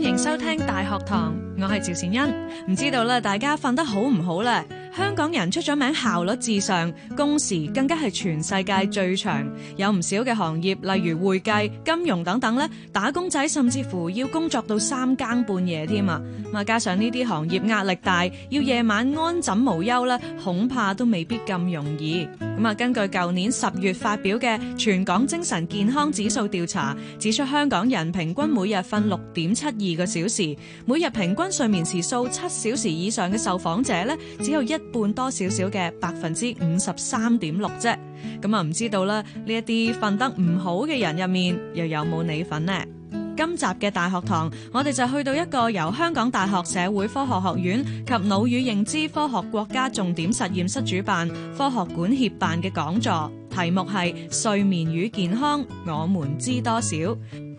歡迎收聽大學堂，我係趙善恩。唔知道咧，大家瞓得好唔好咧？香港人出咗名效率至上，工時更加係全世界最長。有唔少嘅行業，例如會計、金融等等咧，打工仔甚至乎要工作到三更半夜添啊！啊，加上呢啲行業壓力大，要夜晚安枕無憂咧，恐怕都未必咁容易。咁啊，根據舊年十月發表嘅全港精神健康指數調查，指出香港人平均每日瞓六點七二個小時，每日平均睡眠時數七小時以上嘅受訪者呢，只有一半多少少嘅百分之五十三點六啫。咁啊，唔知道啦，呢一啲瞓得唔好嘅人入面，又有冇你份呢？今集嘅大學堂，我哋就去到一個由香港大學社會科學學院及腦與認知科學國家重點實驗室主辦、科學館協辦嘅講座，題目係《睡眠與健康，我們知多少》。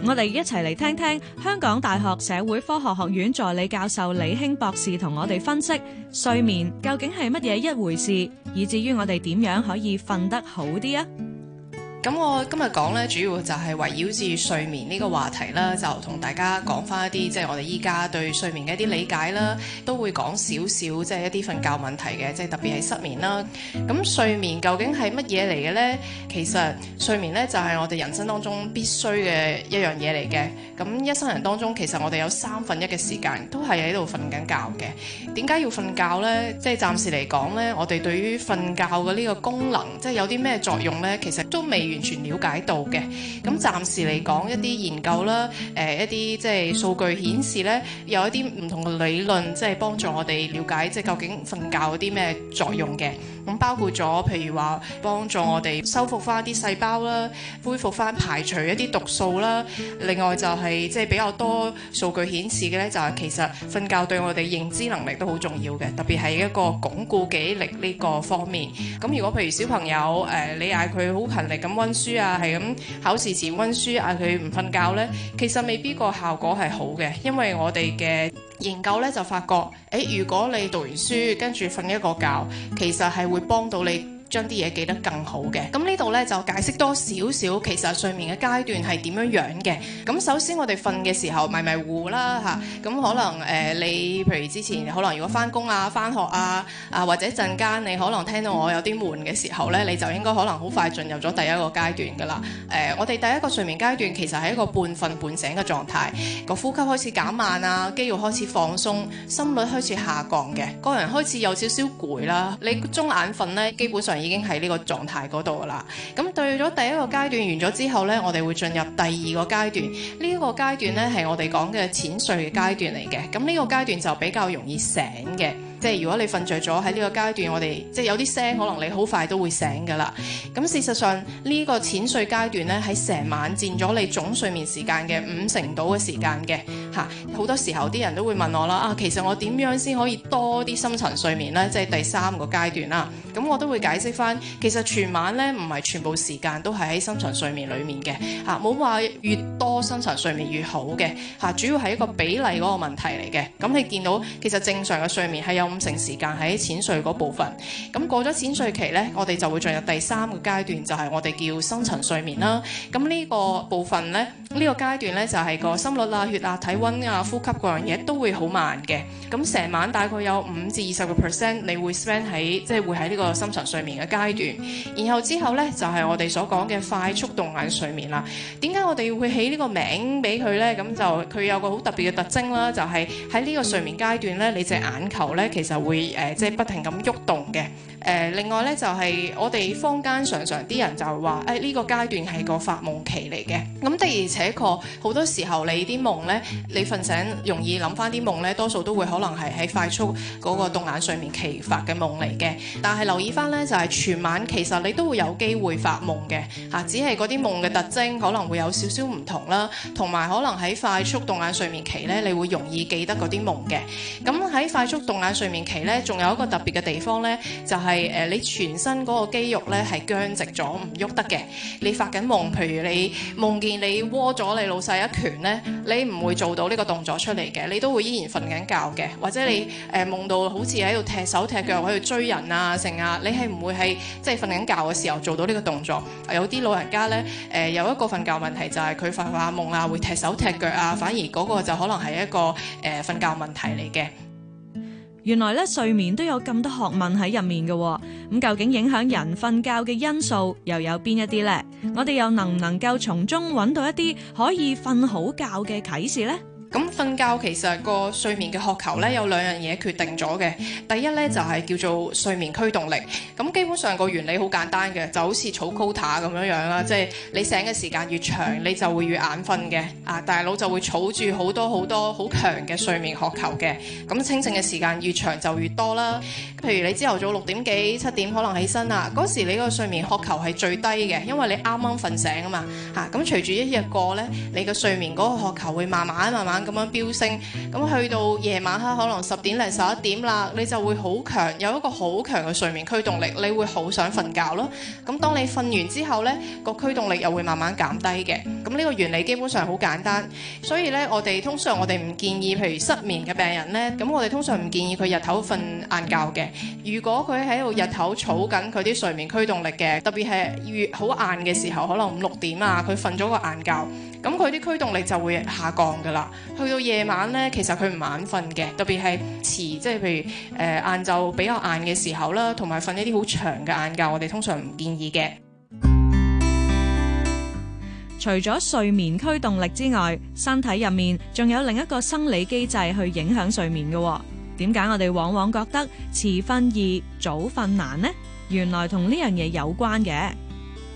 我哋一齊嚟聽聽香港大學社會科學學院助理教授李興博士同我哋分析睡眠究竟係乜嘢一回事，以至於我哋點樣可以瞓得好啲啊！咁我今日講咧，主要就係圍繞住睡眠呢個話題啦，就同大家講翻一啲即係我哋依家對睡眠嘅一啲理解啦，都會講少少即係一啲瞓覺問題嘅，即係特別係失眠啦。咁睡眠究竟係乜嘢嚟嘅咧？其實睡眠咧就係我哋人生當中必須嘅一樣嘢嚟嘅。咁一生人當中，其實我哋有三分一嘅時間都係喺度瞓緊覺嘅。點解要瞓覺咧？即係暫時嚟講咧，我哋對於瞓覺嘅呢個功能，即係有啲咩作用咧？其實都未完全了解到嘅，咁暫時嚟講一啲研究啦，誒、呃、一啲即係數據顯示咧，有一啲唔同嘅理論即係幫助我哋了解即係、就是、究竟瞓覺有啲咩作用嘅。咁包括咗譬如話幫助我哋修復翻啲細胞啦，恢復翻排除一啲毒素啦。另外就係即係比較多數據顯示嘅咧，就係、是、其實瞓覺對我哋認知能力都好重要嘅，特別係一個鞏固記憶力呢個方面。咁如果譬如小朋友誒、呃、你嗌佢好勤力咁。溫書啊，係咁考試前溫書啊，佢唔瞓覺咧，其實未必個效果係好嘅，因為我哋嘅研究咧就發覺，誒、欸，如果你讀完書跟住瞓一個覺，其實係會幫到你。將啲嘢記得更好嘅，咁呢度呢，就解釋多少少，其實睡眠嘅階段係點樣樣嘅。咁首先我哋瞓嘅時候迷迷糊啦嚇，咁、啊、可能、呃、你譬如之前可能如果返工啊返學啊啊或者一陣間你可能聽到我有啲悶嘅時候呢，你就應該可能好快進入咗第一個階段噶啦、呃。我哋第一個睡眠階段其實係一個半瞓半醒嘅狀態，個呼吸開始減慢啊，肌肉開始放鬆，心率開始下降嘅，個人開始有少少攰啦。你中眼瞓呢，基本上。已經喺呢個狀態嗰度啦。咁對咗第一個階段完咗之後呢，我哋會進入第二個階段。呢個階段呢，係我哋講嘅淺睡階段嚟嘅。咁呢個階段就比較容易醒嘅。即係如果你瞓著咗喺呢個階段，我，我哋即係有啲聲，可能你好快都會醒噶啦。咁事實上、這個、淺呢個淺睡階段咧，喺成晚佔咗你總睡眠時間嘅五成度嘅時間嘅嚇。好多時候啲人都會問我啦，啊其實我點樣先可以多啲深層睡眠呢？」即係第三個階段啦。咁我都會解釋翻，其實全晚咧唔係全部時間都係喺深層睡眠裏面嘅嚇。冇話越多深層睡眠越好嘅嚇、啊、主要係一個比例嗰個問題嚟嘅。咁你見到其實正常嘅睡眠係有。五成時間喺淺睡嗰部分，咁過咗淺睡期呢，我哋就會進入第三個階段，就係我哋叫深層睡眠啦。咁呢個部分呢，呢個階段呢，就係個心率啊、血壓、體温啊、呼吸嗰樣嘢都會好慢嘅。咁成晚大概有五至二十個 percent，你會 spend 喺即係會喺呢個深層睡眠嘅階段。然後之後呢，就係我哋所講嘅快速動眼睡眠啦。點解我哋會起呢個名俾佢呢？咁就佢有個好特別嘅特徵啦，就係喺呢個睡眠階段呢，你隻眼球呢。其實會誒，即係不停咁喐動嘅。誒，另外咧就係我哋坊間常常啲人就話：誒呢個階段係個發夢期嚟嘅。咁的而且確，好多時候你啲夢咧，你瞓醒容易諗翻啲夢咧，多數都會可能係喺快速嗰個動眼睡眠期發嘅夢嚟嘅。但係留意翻咧，就係全晚其實你都會有機會發夢嘅，嚇，只係嗰啲夢嘅特徵可能會有少少唔同啦。同埋可能喺快速動眼睡眠期咧，你會容易記得嗰啲夢嘅。咁喺快速動眼睡面期咧，仲有一個特別嘅地方咧，就係誒你全身嗰個肌肉咧係僵直咗，唔喐得嘅。你發緊夢，譬如你夢見你握咗你老細一拳咧，你唔會做到呢個動作出嚟嘅，你都會依然瞓緊覺嘅。或者你誒夢到好似喺度踢手踢腳，喺度追人啊成啊，你係唔會係即係瞓緊覺嘅時候做到呢個動作。有啲老人家咧誒有一個瞓覺問題，就係佢發發夢啊，會踢手踢腳啊，反而嗰個就可能係一個誒瞓覺問題嚟嘅。原來睡眠都有咁多學問喺入面。究竟影響人瞓覺嘅因素又有邊一啲呢？我哋又能不能夠從中揾到一啲可以瞓好覺嘅啟示呢？咁瞓覺其實個睡眠嘅渴求咧有兩樣嘢決定咗嘅，第一咧就係、是、叫做睡眠驅動力。咁基本上個原理好簡單嘅，就好似儲 quota o 咁樣樣啦，即、就、係、是、你醒嘅時間越長，你就會越眼瞓嘅，啊，大腦就會儲住好多好多好強嘅睡眠渴求嘅。咁清醒嘅時間越長就越多啦。譬如你朝頭早六點幾七點可能起身啦，嗰時你個睡眠渴求係最低嘅，因為你啱啱瞓醒啊嘛，嚇、啊、咁隨住一日過咧，你嘅睡眠嗰個渴求會慢慢慢慢咁樣飆升，咁去到夜晚黑可能十點零十一點啦，你就會好強，有一個好強嘅睡眠驅動力，你會好想瞓覺咯。咁當你瞓完之後呢，個驅動力又會慢慢減低嘅。咁呢個原理基本上好簡單，所以呢，我哋通常我哋唔建議，譬如失眠嘅病人呢。咁我哋通常唔建議佢日頭瞓晏覺嘅。如果佢喺度日頭儲緊佢啲睡眠驅動力嘅，特別係越好晏嘅時候，可能五六點啊，佢瞓咗個晏覺，咁佢啲驅動力就會下降噶啦。去到夜晚咧，其實佢唔晚瞓嘅，特別係遲，即係譬如誒晏晝比較晏嘅時候啦，同埋瞓呢啲好長嘅晏覺，我哋通常唔建議嘅。除咗睡眠驅動力之外，身體入面仲有另一個生理機制去影響睡眠嘅，哦。點解我哋往往覺得遲瞓易，早瞓難呢？原來同呢樣嘢有關嘅。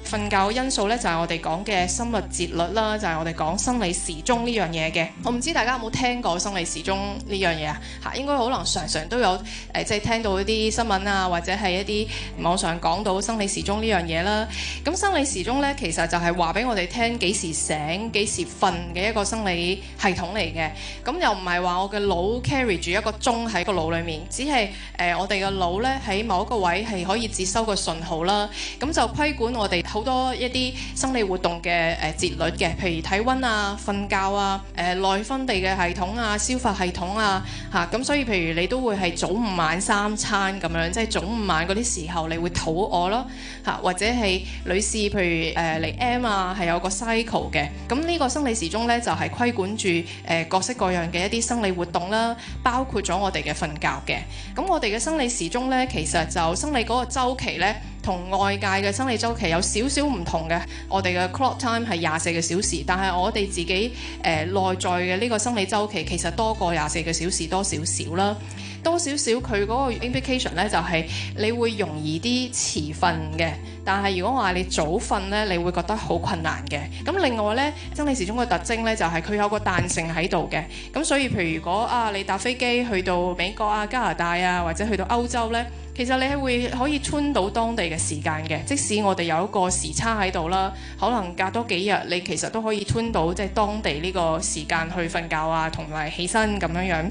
瞓覺嘅因素咧，就係、是、我哋講嘅生物節律啦，就係我哋講生理時鐘呢樣嘢嘅。我唔知大家有冇聽過生理時鐘呢樣嘢啊？嚇，應該可能常常都有誒、呃，即係聽到一啲新聞啊，或者係一啲網上講到生理時鐘呢樣嘢啦。咁生理時鐘咧，其實就係話俾我哋聽幾時醒、幾時瞓嘅一個生理系統嚟嘅。咁又唔係話我嘅腦 carry 住一個鐘喺個腦裡面，只係誒、呃、我哋嘅腦咧喺某一個位係可以接收個信號啦。咁就規管我哋。好多一啲生理活動嘅誒節律嘅，譬如體温啊、瞓覺啊、誒、呃、內分泌嘅系統啊、消化系統啊嚇，咁、啊、所以譬如你都會係早午晚三餐咁樣，即係早午晚嗰啲時候，你會肚餓咯嚇、啊，或者係女士譬如誒嚟、呃、M 啊，係有個 cycle 嘅，咁呢個生理時鐘呢，就係、係、規管住誒各式各樣嘅一啲生理活動啦，包括咗我哋嘅瞓覺嘅。咁我哋嘅生理時鐘呢，其實就生理嗰個週期呢，同外界嘅生理周期有少少唔同嘅，我哋嘅 clock time 係廿四個小時，但係我哋自己呃、內在嘅呢個生理周期其實多過廿四個小時多少少啦，多少少佢嗰個 implication 咧就係你會容易啲遲瞓嘅，但係如果話你早瞓咧，你會覺得好困難嘅。咁另外咧，生理時鐘嘅特徵咧就係佢有一個彈性喺度嘅，咁所以譬如如果啊你搭飛機去到美國啊、加拿大啊，或者去到歐洲咧。其實你係會可以 turn 到當地嘅時間嘅，即使我哋有一個時差喺度啦，可能隔多幾日，你其實都可以 turn 到當、即係、當地呢個時間去瞓覺啊，同埋起身咁樣樣。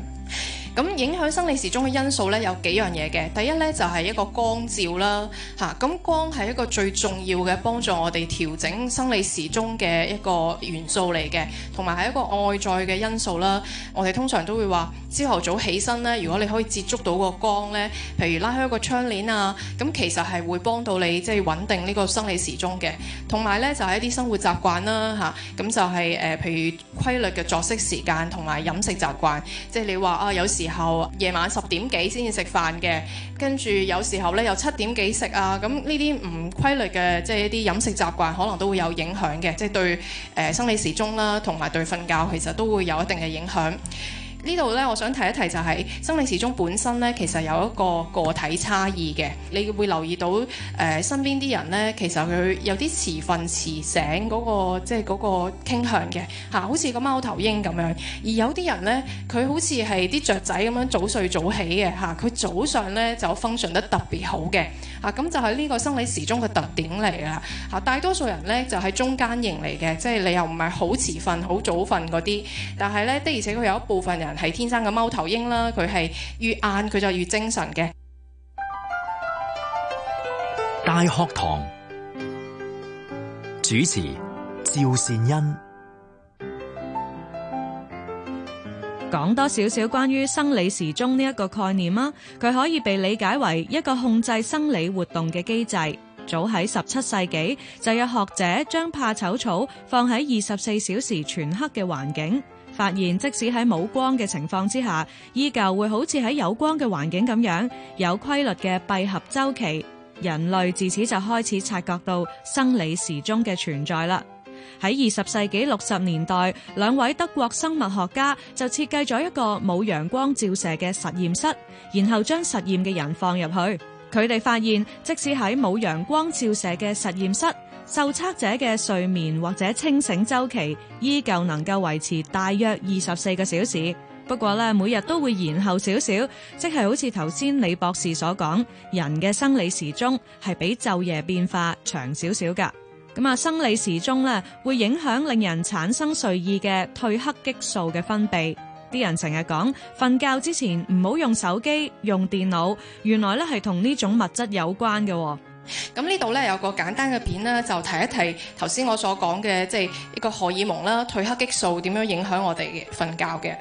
咁影響生理時鐘嘅因素咧，有幾樣嘢嘅，第一咧就係一個光照啦，吓，咁光係一個最重要嘅幫助我哋調整生理時鐘嘅一個元素嚟嘅，同埋係一個外在嘅因素啦。我哋通常都會話朝頭早起身咧，如果你可以接觸到個光咧，譬如拉開一個窗簾啊，咁其實係會幫到你即係穩定呢個生理時鐘嘅。同埋咧就係一啲生活習慣啦，吓，咁就係誒譬如規律嘅作息時間同埋飲食習慣，即係你話啊有時。時候夜晚十點幾先至食飯嘅，跟住有時候咧又七點幾食啊，咁呢啲唔規律嘅，即係一啲飲食習慣，可能都會有影響嘅，即係對誒生理時鐘啦，同埋對瞓覺其實都會有一定嘅影響。這呢度咧，我想提一提就係、是、生理時鐘本身咧，其實有一個個體差異嘅。你會留意到誒、呃、身邊啲人咧，其實佢有啲遲瞓遲醒嗰、那個，即係嗰個傾向嘅嚇、啊，好似個貓頭鷹咁樣。而有啲人咧，佢好似係啲雀仔咁樣早睡早起嘅嚇，佢、啊、早上咧就 function 得特別好嘅嚇。咁、啊、就係呢個生理時鐘嘅特點嚟啦嚇。大多數人咧就係、是、中間型嚟嘅，即、就、係、是、你又唔係好遲瞓好早瞓嗰啲，但係咧的而且確有一部分人。係天生嘅貓頭鷹啦，佢係越晏佢就越精神嘅。大學堂主持趙善恩，講多少少關於生理時鐘呢一個概念啦，佢可以被理解為一個控制生理活動嘅機制。早喺十七世紀就有學者將怕醜草放喺二十四小時全黑嘅環境，發現即使喺冇光嘅情況之下，依舊會好似喺有光嘅環境咁樣有規律嘅閉合週期。人類自此就開始察覺到生理時鐘嘅存在啦。喺二十世紀六十年代，兩位德國生物學家就設計咗一個冇陽光照射嘅實驗室，然後將實驗嘅人放入去。佢哋發現，即使喺冇陽光照射嘅實驗室，受測者嘅睡眠或者清醒週期依舊能夠維持大約二十四小時。不過咧，每日都會延後少少，即係好似頭先李博士所講，人嘅生理時鐘係比晝夜變化長少少㗎。咁啊，生理時鐘咧會影響令人產生睡意嘅褪黑激素嘅分泌。啲人成日講瞓覺之前唔好用手機、用電腦，原來咧係同呢種物質有關嘅。咁呢度咧有個簡單嘅片咧，就提一提頭先我所講嘅，即係一個荷爾蒙啦，褪黑激素點樣影響我哋瞓覺嘅。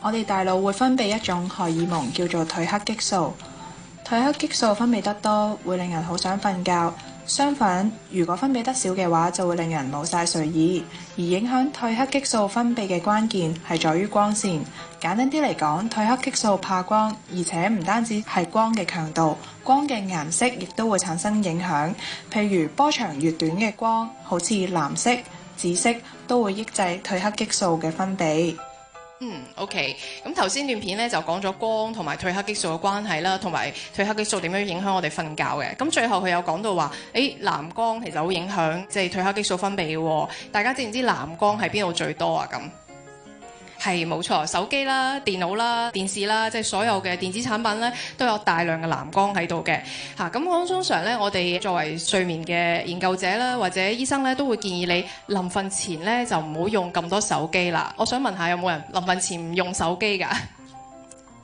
我哋大腦會分泌一種荷爾蒙叫做褪黑激素，褪黑激素分泌得多會令人好想瞓覺。相反，如果分泌得少嘅話，就會令人冇曬睡意，而影響褪黑激素分泌嘅關鍵係在於光線，簡單啲嚟講，褪黑激素怕光，而且唔單止係光嘅強度，光嘅顏色亦都會產生影響，譬如波長越短嘅光，好似藍色、紫色，都會抑制褪黑激素嘅分泌。嗯，OK。咁頭先段片咧就講咗光同埋褪黑激素嘅關係啦，同埋褪黑激素點樣影響我哋瞓覺嘅。咁最後佢有講到話，咦、欸，藍光其實好影響即係褪黑激素分泌嘅喎。大家知唔知藍光係邊度最多啊？咁？係冇錯，手機啦、電腦啦、電視啦，即係所有嘅電子產品咧，都有大量嘅藍光喺度嘅。吓，咁我通常咧，我哋作為睡眠嘅研究者啦，或者醫生咧，都會建議你臨瞓前咧就唔好用咁多手機啦。我想問下，有冇人臨瞓前唔用手機㗎？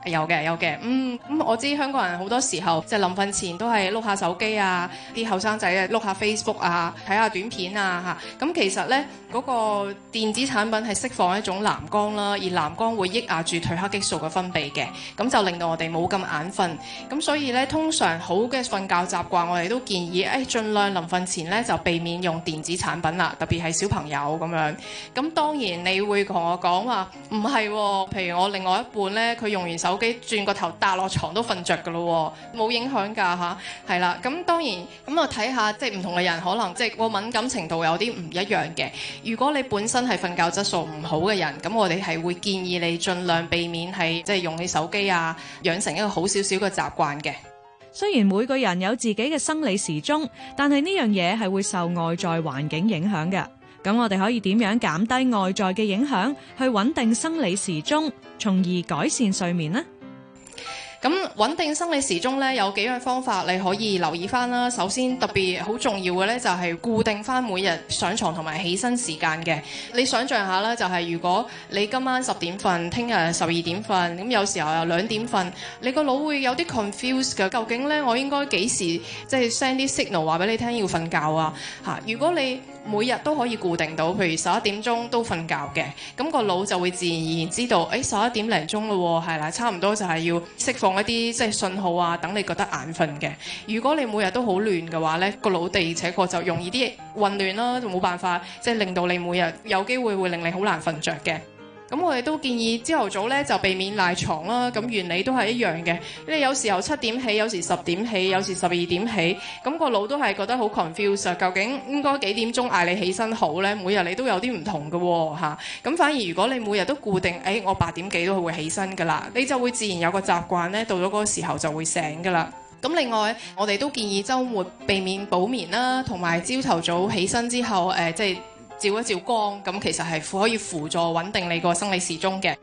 有嘅有嘅，嗯，咁我知香港人好多時候即係、就是、臨瞓前都係碌下手機啊，啲後生仔咧碌下 Facebook 啊，睇下短片啊嚇。咁其實咧嗰、那個電子產品係釋放一種藍光啦，而藍光會抑壓住褪黑激素嘅分泌嘅，咁就令到我哋冇咁眼瞓。咁所以咧，通常好嘅瞓覺習慣，我哋都建議誒、哎、盡量臨瞓前咧就避免用電子產品啦，特別係小朋友咁樣。咁當然你會同我講話唔係喎，譬如我另外一半咧，佢用完手。手機轉個頭，搭落床都瞓着噶咯，冇影響噶吓，係啦。咁當然咁我睇下即係唔同嘅人，可能即係個敏感程度有啲唔一樣嘅。如果你本身係瞓覺質素唔好嘅人，咁我哋係會建議你盡量避免係即係用起手機啊，養成一個好少少嘅習慣嘅。雖然每個人有自己嘅生理時鐘，但係呢樣嘢係會受外在環境影響嘅。咁我哋可以點樣減低外在嘅影響，去穩定生理時鐘，從而改善睡眠呢？咁穩定生理時鐘咧，有幾樣方法你可以留意翻啦。首先，特別好重要嘅咧，就係固定翻每日上床同埋起身時間嘅。你想象下啦，就係、是、如果你今晚十點瞓，聽日十二點瞓，咁有時候又兩點瞓，你個腦會有啲 confused 嘅。究竟咧，我應該幾時即係 send 啲 signal 話俾你聽要瞓覺啊？吓，如果你每日都可以固定到，譬如十一點鐘都瞓覺嘅，咁個腦就會自然而然知道，誒十一點零鐘咯喎，係啦，差唔多就係要釋放一啲即係信號啊，等你覺得眼瞓嘅。如果你每日都好亂嘅話呢，個腦的確就容易啲混亂啦，就冇辦法即係令到你每日有機會會令你好難瞓着嘅。咁我哋都建議朝頭早呢，就避免賴床啦，咁原理都係一樣嘅。有時候七點起，有時十點起，有時十二點起，咁個腦都係覺得好 c o n f u s i n，究竟應該幾點鐘嗌你起身好呢？每日你都有啲唔同㗎喎，咁反而如果你每日都固定，誒、哎、我八點幾都會起身㗎啦，你就會自然有個習慣呢，到咗嗰個時候就會醒㗎啦。咁另外我哋都建議周末避免補眠啦，同埋朝頭早起身之後，誒、呃、即、就是照一照光，咁其實係可以輔助穩定你個生理時鐘嘅。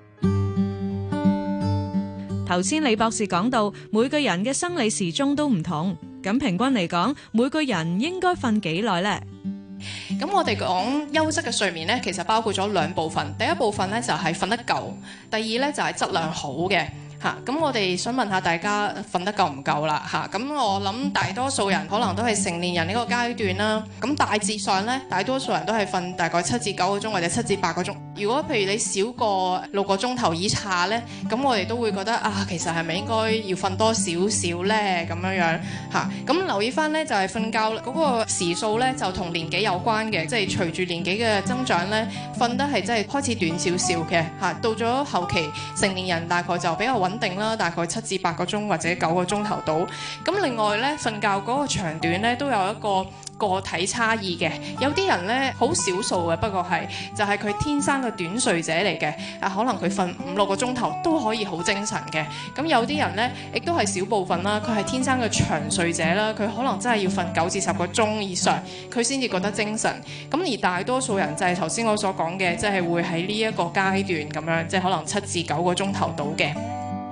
頭先李博士講到，每個人嘅生理時鐘都唔同，咁平均嚟講，每個人應該瞓幾耐呢？咁我哋講優質嘅睡眠呢，其實包括咗兩部分。第一部分呢，就係瞓得夠；第二呢，就係質量好嘅。咁我哋想問下大家瞓得夠唔夠啦？咁我諗大多數人可能都係成年人呢個階段啦。咁大致上呢，大多數人都係瞓大概七至九個鐘或者七至八個鐘。如果譬如你少過六個鐘頭以下呢，咁我哋都會覺得啊，其實係咪應該要瞓多少少呢？咁樣樣嚇，咁留意翻呢，就係瞓覺嗰個時數呢，就同年紀有關嘅，即係隨住年紀嘅增長呢，瞓得係真係開始短少少嘅嚇。到咗後期成年人大概就比較穩肯定啦，大概七至八個鐘或者九個鐘頭到。咁另外咧，瞓覺嗰個長短咧都有一個個體差異嘅。有啲人咧好少數嘅，不過係就係佢天生嘅短睡者嚟嘅。啊，可能佢瞓五六個鐘頭都可以好精神嘅。咁有啲人咧亦都係少部分啦，佢係天生嘅長睡者啦。佢可能真係要瞓九至十個鐘以上，佢先至覺得精神。咁而大多數人就係頭先我所講嘅，即係會喺呢一個階段咁樣，即係可能七至九個鐘頭到嘅。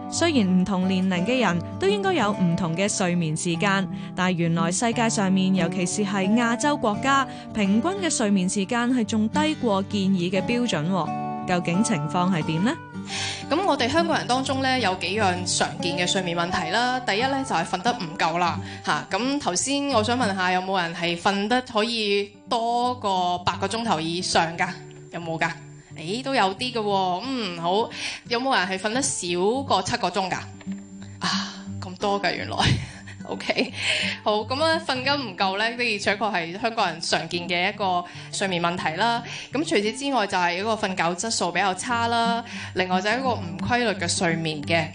雖然唔同年齡嘅人都應該有唔同嘅睡眠時間，但係原來世界上面，尤其是係亞洲國家，平均嘅睡眠時間係仲低過建議嘅標準。究竟情況係點呢？咁我哋香港人當中咧有幾樣常見嘅睡眠問題啦。第一咧就係、是、瞓得唔夠啦。吓、啊，咁頭先我想問下，有冇人係瞓得可以多過八個鐘頭以上噶？有冇噶？誒都有啲嘅喎，嗯，好，有冇人係瞓得少過七個鐘㗎？啊，咁多㗎原來 ，OK 好，咁啊，瞓緊唔夠咧，的而且確係香港人常見嘅一個睡眠問題啦。咁除此之外就係一個瞓覺質素比較差啦，另外就係一個唔規律嘅睡眠嘅。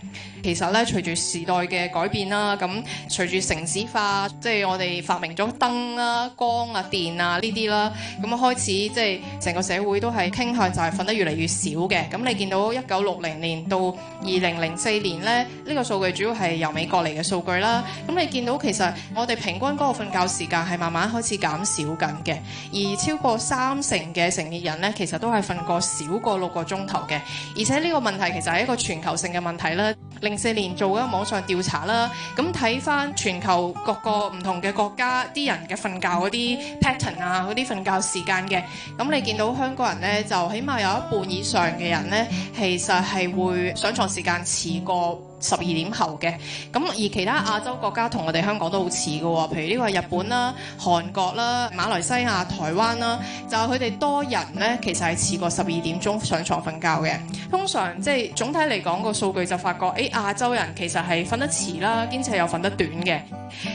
其實咧，隨住時代嘅改變啦，咁隨住城市化，即係我哋發明咗燈啦、光啊、電啊呢啲啦，咁開始即係成個社會都係傾向就係瞓得越嚟越少嘅。咁你見到一九六零年到二零零四年咧，呢個數據主要係由美國嚟嘅數據啦。咁你見到其實我哋平均嗰個瞓覺時間係慢慢開始減少緊嘅，而超過三成嘅成年人咧，其實都係瞓過少過六個鐘頭嘅。而且呢個問題其實係一個全球性嘅問題啦。另零四年做咗個網上調查啦，咁睇翻全球各個唔同嘅國家啲人嘅瞓覺嗰啲 pattern 啊，嗰啲瞓覺時間嘅，咁你見到香港人咧，就起碼有一半以上嘅人咧，其實係會上牀時間遲過十二點後嘅，咁而其他亞洲國家同我哋香港都好似嘅喎，譬如呢個日本啦、韓國啦、馬來西亞、台灣啦，就係佢哋多人呢，其實係遲過十二點鐘上床瞓覺嘅。通常即係總體嚟講個數據就發覺，誒、哎、亞洲人其實係瞓得遲啦，兼且是又瞓得短嘅。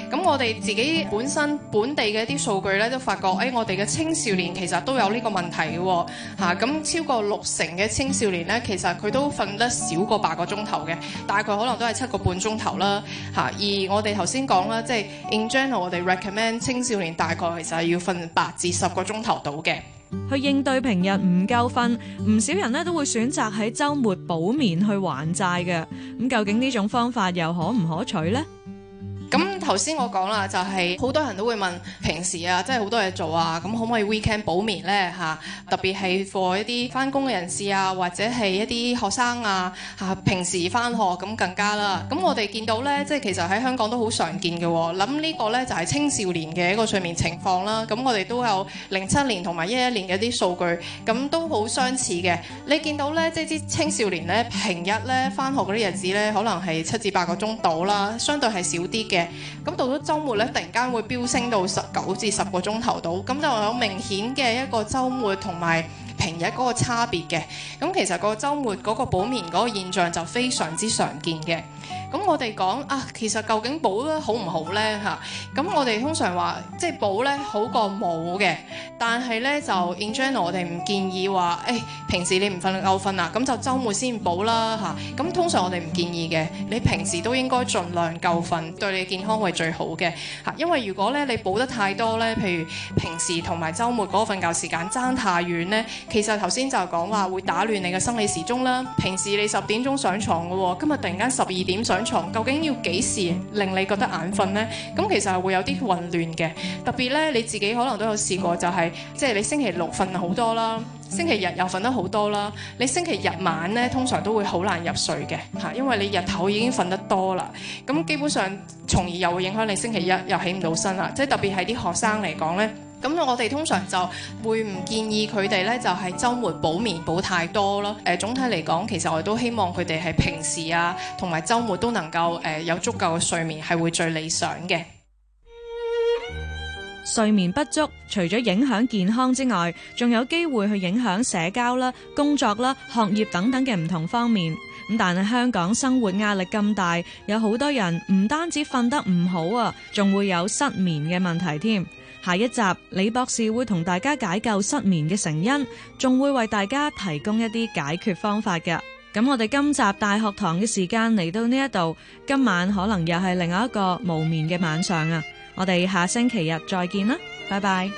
咁我哋自己本身本地嘅一啲數據呢，都發覺誒、哎，我哋嘅青少年其實都有呢個問題喎，嚇、啊、咁超過六成嘅青少年呢，其實佢都瞓得少過八個鐘頭嘅，大概。可能都係七個半鐘頭啦，嚇！而我哋頭先講啦，即係 in general，我哋 recommend 青少年大概其實係要瞓八至十個鐘頭到嘅。去應對平日唔夠瞓，唔少人咧都會選擇喺週末補眠去還債嘅。咁究竟呢種方法又可唔可取呢？咁頭先我講啦，就係好多人都會問平時啊，即係好多嘢做啊，咁可唔可以 weekend 補眠呢？啊、特別係 for 一啲翻工嘅人士啊，或者係一啲學生啊,啊平時翻學咁更加啦。咁我哋見到呢，即係其實喺香港都好常見嘅、哦。諗呢個呢，就係、是、青少年嘅一個睡眠情況啦。咁我哋都有零七年同埋一一年嘅啲數據，咁都好相似嘅。你見到呢，即係啲青少年呢，平日呢翻學嗰啲日子呢，可能係七至八個鐘到啦，相對係少啲嘅。咁到咗周末咧，突然間會飆升到十九至十個鐘頭度，咁就有明顯嘅一個周末同埋平日嗰個差別嘅。咁其實個周末嗰個補眠嗰個現象就非常之常見嘅。咁我哋講啊，其實究竟補得好唔好呢？嚇、啊？咁我哋通常話即係補呢好過冇嘅，但係呢，就 in general 我哋唔建議話誒、哎，平時你唔瞓夠瞓啊，咁就週末先補啦嚇。咁、啊啊啊、通常我哋唔建議嘅，你平時都應該盡量夠瞓，對你健康係最好嘅、啊、因為如果呢你補得太多呢，譬如平時同埋週末嗰個瞓覺時間爭太遠呢，其實頭先就講講話會打亂你嘅生理時鐘啦、啊。平時你十點鐘上床嘅喎、哦，今日突然間十二點上。上床究竟要幾時令你覺得眼瞓呢？咁其實係會有啲混亂嘅，特別咧你自己可能都有試過、就係，就係、即係你星期六瞓好多啦，星期日又瞓得好多啦。你星期日晚咧通常都會好難入睡嘅，嚇，因為你日頭已經瞓得多啦。咁基本上從而又會影響你星期一又起唔到身啦。即特別係啲學生嚟講咧。咁我哋通常就會唔建議佢哋咧，就係週末補眠補太多咯。誒，總體嚟講，其實我都希望佢哋係平時啊，同埋週末都能夠、呃、有足夠嘅睡眠，係會最理想嘅。睡眠不足，除咗影響健康之外，仲有機會去影響社交啦、工作啦、學業等等嘅唔同方面。咁但係香港生活壓力咁大，有好多人唔單止瞓得唔好啊，仲會有失眠嘅問題添。下一集，李博士會同大家解救失眠嘅成因，仲會為大家提供一啲解決方法嘅。咁我哋今集大學堂嘅時間嚟到呢一度，今晚可能又係另外一個無眠嘅晚上啊！我哋下星期日再見啦，拜拜。